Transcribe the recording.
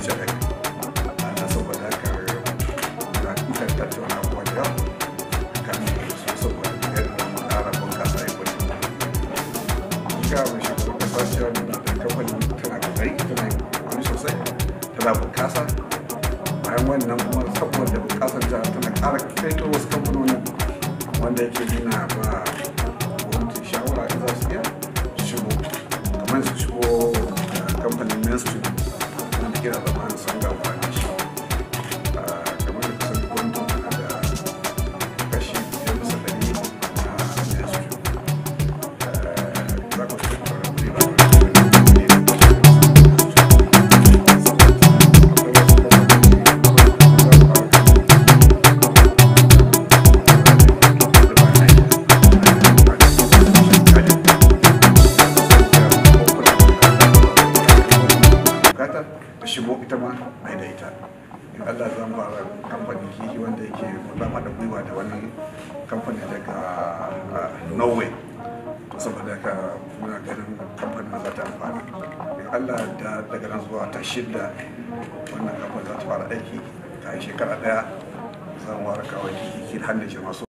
maisha yake na saboda haka na kuka tattauna wanda kan su saboda yadda mu ƙara bunƙasa ya kwace ga mai shugaban kasa cewa nuna da kamfanin tana kokari tana kokari sosai tana bunƙasa bayan wannan kuma saboda ta jihar tana ƙara kaito wasu kamfanonin wanda yake nuna ba gwamnati shawara in za su iya shigo kamar su shigo eh, kamfanin mainstream Get together. shigo ita ma mai da ita in allah za mu fara kamfanin kiki wanda yake zama da gwiwa da wani kamfanin daga ah, norway saboda ka muna ganin kamfanin za ta amfana in allah da daga nan zuwa ta shida wannan kamfanin za ta fara aiki ta yi shekara daya za mu fara kawai kihi har da jama'a